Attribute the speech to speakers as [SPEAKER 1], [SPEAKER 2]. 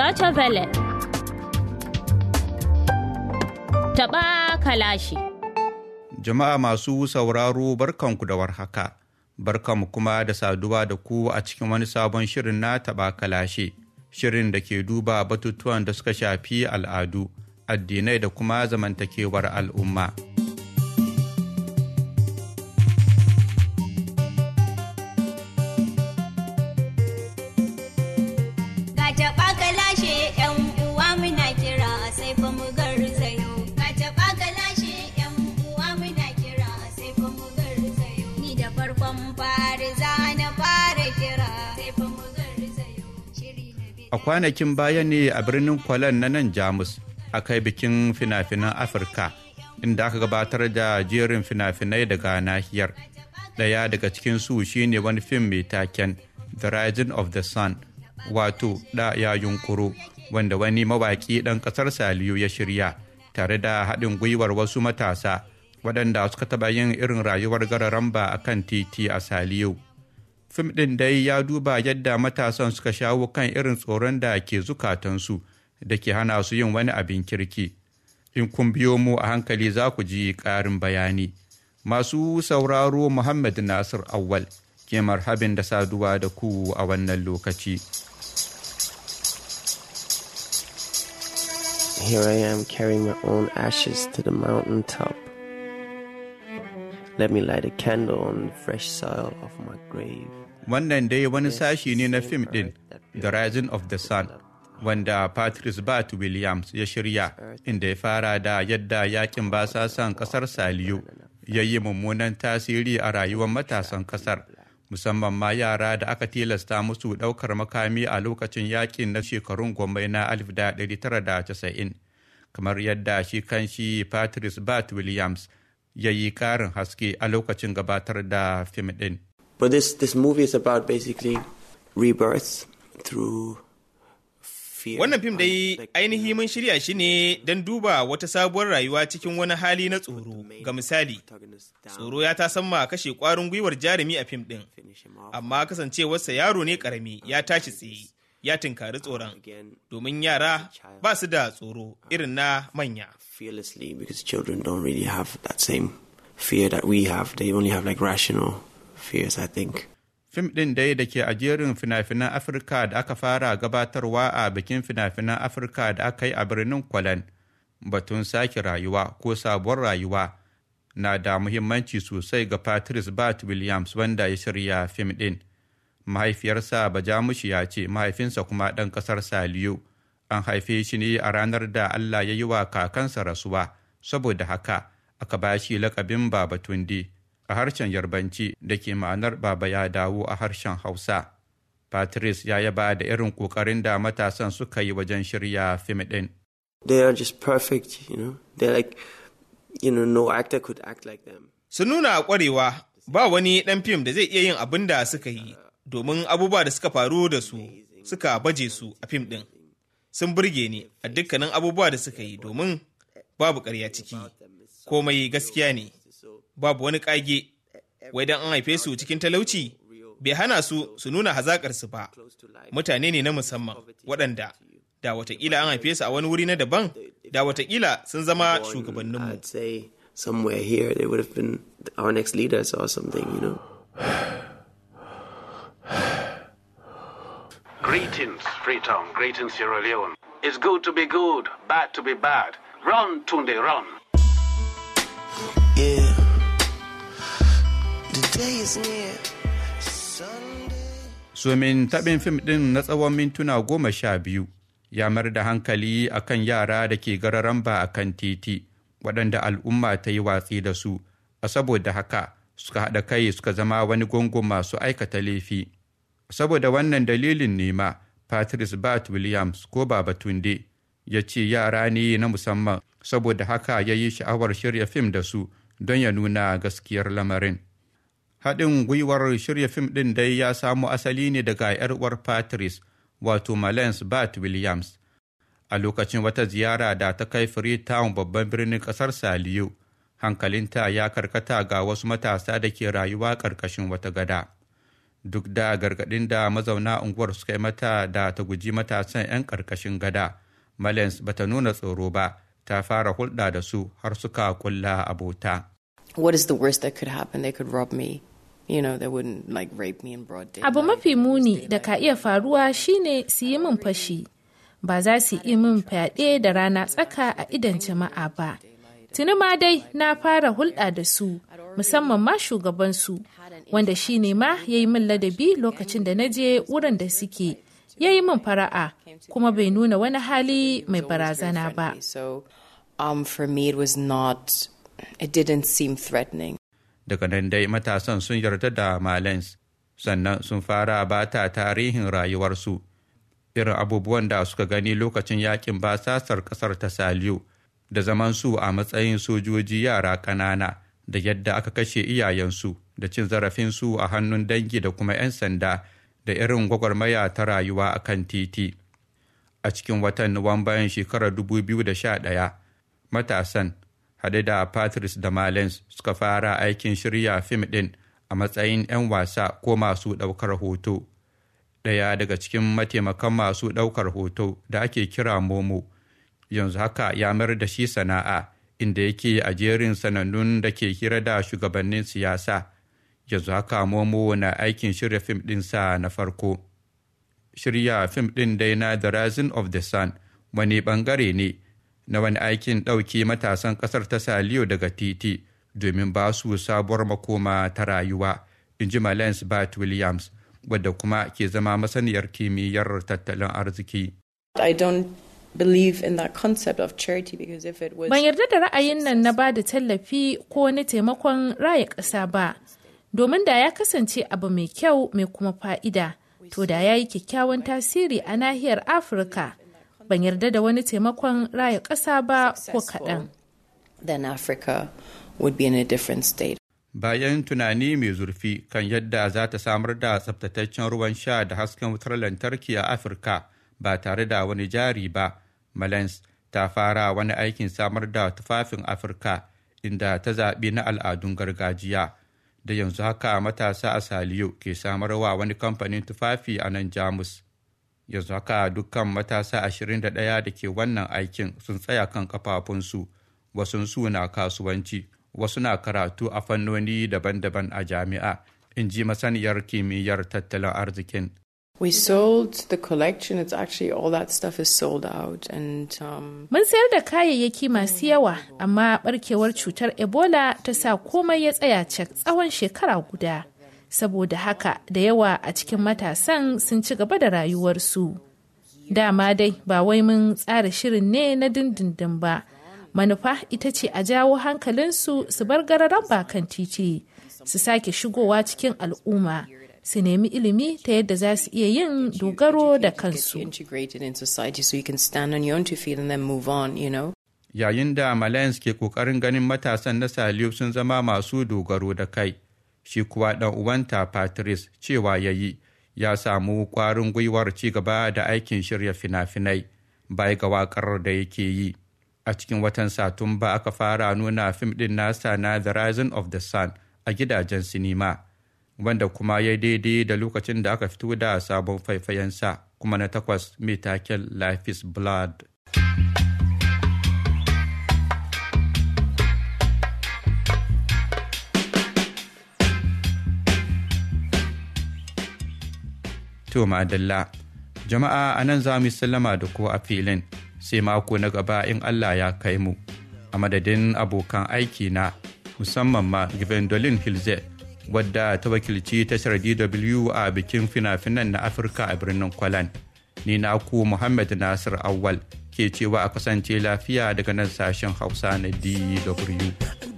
[SPEAKER 1] Deutsche Welle. Taɓa kalashi.
[SPEAKER 2] Jama'a masu sauraro barkanku da warhaka. Barkanmu kuma da saduwa da ku a cikin wani sabon shirin na taɓa kalashi. Shirin da ke duba batutuwan da suka shafi al'adu, addinai da kuma zamantakewar al'umma. a kwanakin baya ne a birnin kwalen na nan jamus a kai bikin fina-finan afirka inda aka gabatar da jerin fina-finai daga nahiyar ɗaya daga cikin su shine wani fim mai taken the rising of the sun wato da ya yunkuro wanda wani mawaƙi ɗan ƙasar saliyu ya shirya tare da haɗin gwiwar wasu matasa waɗanda suka taɓa yin irin rayuwar gararamba a kan titi a saliyu fim ɗin dai ya duba yadda matasan suka shawo kan irin tsoron da ke zukatansu da ke hana su yin wani abin kirki in kun biyo mu a hankali za ku ji ƙarin bayani masu sauraro muhammad nasir awal ke marhabin da saduwa da ku a wannan lokaci Here I am carrying my own ashes to the mountain top. Let me light a candle on the fresh soil of my grave. Wannan dai wani sashi ne na fim din The Rising of the Sun, wanda Patrice Bat Williams ya shirya, inda ya fara da yadda yakin basasan kasar Saliyu ya yi mummunan tasiri a rayuwar matasan kasar musamman ma yara da aka tilasta musu ɗaukar makami a lokacin yakin na shekarun gwamnati na 1990. kamar yadda shi kanshi Patrice Bat Williams ya yi karin haske a lokacin gabatar da fim ɗin. But this this movie is about basically
[SPEAKER 1] rebirth through Wannan
[SPEAKER 2] fim dai ainihi mun shirya shi ne don duba wata sabuwar rayuwa cikin wani hali na tsoro ga misali. Tsoro ya ta samma kashe kwarin gwiwar jarumi a fim ɗin, amma kasancewarsa yaro ne karami ya tashi tsaye ya tinkari tsoron domin yara ba su da tsoro irin na manya. Fearlessly because children don't really have that same fear that we have, they only have like rational fears, I think. Fim ɗin dai da ke a jerin fina-finan Afirka da aka fara gabatarwa a bikin fina-finan Afirka da aka yi a birnin Kwalen, batun sake rayuwa ko sabuwar rayuwa na da muhimmanci sosai ga Patrice Bat Williams wanda ya shirya fim ɗin. Mahaifiyarsa Bajamushi ya ce mahaifinsa kuma ɗan ƙasar Saliyo. An haife shi ne a ranar da Allah ya yi wa kakansa rasuwa, saboda haka aka ba shi lakabin Baba Tunde. a harshen yarbanci da ke ma'anar baba ya dawo a harshen hausa patrice ya yaba da irin kokarin da matasan suka yi wajen shirya fim ɗin they are just perfect you know they like you know no actor could act like them su nuna kwarewa ba wani ɗan fim da zai iya yin abin da suka yi domin abubuwa da suka faru da su suka baje su a fim ɗin sun burge ni a dukkanin abubuwa da suka yi domin babu ƙarya ciki komai gaskiya ne babu wani ƙage wai don an haife su cikin talauci bai hana su su nuna hazaƙarsu ba mutane ne na musamman waɗanda da watakila an haife su a wani wuri na daban da watakila sun zama shugabanninmu
[SPEAKER 1] Greetings, Freetown. Greetings, Sierra Leone. It's good to be good, bad to be bad. Run, Tunde, run.
[SPEAKER 2] Sumin taɓin fim ɗin na tsawon mintuna goma sha biyu ya mar da hankali a kan yara da ke gararan ba a kan titi waɗanda al'umma ta yi watsi da su, a saboda haka suka haɗa kai suka zama wani gungun masu aikata laifi. Saboda wannan dalilin nema, Patrice Bat Williams ko Baba Tunde ya ce yara ne na musamman saboda haka ya yi sha'awar shirya fim da su don ya nuna gaskiyar lamarin. haɗin gwiwar shirya fim ɗin dai ya samo asali ne daga 'yar uwar patrice wato malens bat williams a lokacin wata ziyara da ta kai freetown babban birnin ƙasar saliyo hankalinta ya karkata ga wasu matasa da ke rayuwa ƙarƙashin wata gada duk da gargaɗin da mazauna unguwar suka yi mata da ta guji matasan 'yan ƙarƙashin gada malens ta nuna tsoro ba ta fara hulɗa da su har suka kulla abota
[SPEAKER 1] what is the worst that could happen they could rob me you know, they wouldn't like rape Abu mafi muni da ka iya faruwa shine su yi min fashi. Ba za su yi min fyaɗe da rana tsaka a idan jama'a ba. Tuni ma dai na fara hulɗa da su, musamman ma shugabansu, wanda shi ne ma ya yi min ladabi lokacin da na je wurin da suke. Ya yi min fara'a, kuma bai nuna wani hali mai barazana ba. Um, for me, it
[SPEAKER 2] daga nan dai matasan sun yarda da malens sannan sun fara ba ta tarihin rayuwarsu irin abubuwan da suka gani lokacin yakin basasar kasar ta saliyo da zaman su a matsayin sojoji yara ƙanana da yadda aka kashe iyayensu da cin zarafin su a hannun dangi da kuma 'yan sanda da irin gwagwarmaya ta rayuwa a kan titi a cikin watan nuwamban shekarar 2011 matasan haɗe da patrice da malens suka fara aikin shirya fim ɗin a matsayin 'yan wasa ko masu ɗaukar hoto ɗaya daga cikin mataimakan masu ɗaukar hoto da ake kira momo yanzu haka ya mayar da shi sana'a inda yake a jerin sanannun da ke hira da shugabannin siyasa yanzu haka momo na aikin shirya fim ɗinsa na farko shirya fim ɗin dai na the rising of the sun wani ɓangare ne na wani aikin ɗauke matasan ƙasar ta saliyo daga titi domin ba su sabuwar makoma ta rayuwa in ji malens bat williams wadda kuma ke zama masaniyar kimiyyar tattalin arziki
[SPEAKER 1] Ban yarda da ra'ayin nan na ba da tallafi ko wani taimakon raya ƙasa ba, domin da ya kasance abu mai kyau mai kuma fa'ida, to da ya yi kyakkyawan tasiri a nahiyar Afirka. ban yarda da wani taimakon raya ƙasa ba ko kaɗan.
[SPEAKER 2] Bayan tunani mai zurfi kan yadda za ta samar da tsaftataccen ruwan sha da hasken wutar lantarki a Afirka ba tare da wani jari ba, Malens ta fara wani aikin samar da tufafin Afirka inda ta zaɓi na al'adun gargajiya. Da yanzu haka matasa a Saliyo ke samarwa wani kamfanin tufafi a nan Jamus. yanzu haka dukkan matasa 21 da ke wannan aikin sun tsaya kan kafafunsu wasu na kasuwanci wasu na karatu a fannoni daban-daban a jami'a in ji masaniyar kimiyyar tattalin arzikin
[SPEAKER 1] We sold the collection. It's actually all that stuff is sold out. And um, mun sayar da kayayyaki masu yawa, amma barkewar cutar Ebola ta sa komai ya tsaya cak tsawon shekara guda. saboda haka da yawa a cikin matasan sun ci gaba da rayuwarsu dama dai ba wai mun tsara shirin ne na dindindin ba manufa ita ce a jawo hankalinsu su bar gararan bakan titi su sake shigowa cikin al'umma su nemi ilimi ta yadda za su iya yin dogaro da kansu
[SPEAKER 2] yayin da malayans ke kokarin ganin matasan na saliyu sun zama masu dogaro da kai shi kuwa ɗan uwanta patrice cewa ya yi ya samu kwarin gwiwar ci gaba da aikin shirya fina-finai bai ga waƙar da yake yi a cikin watan satumba aka fara nuna fim ɗin nasa na the rising of the sun a gidajen sinima wanda kuma ya daidai da lokacin da aka fito da sabon faifayensa kuma na takwas mai taken life is blood To ma'adalla, jama'a a nan za mu sallama da ku a filin sai mako na gaba in Allah ya kai mu. A madadin abokan aiki na musamman ma Gwendolyn Hilze wadda ta wakilci tashar DW a bikin fina-finan na Afirka a birnin Kwalan. Ni na ku Muhammad Nasir Awal ke cewa a kasance lafiya daga nan sashen Hausa na DW.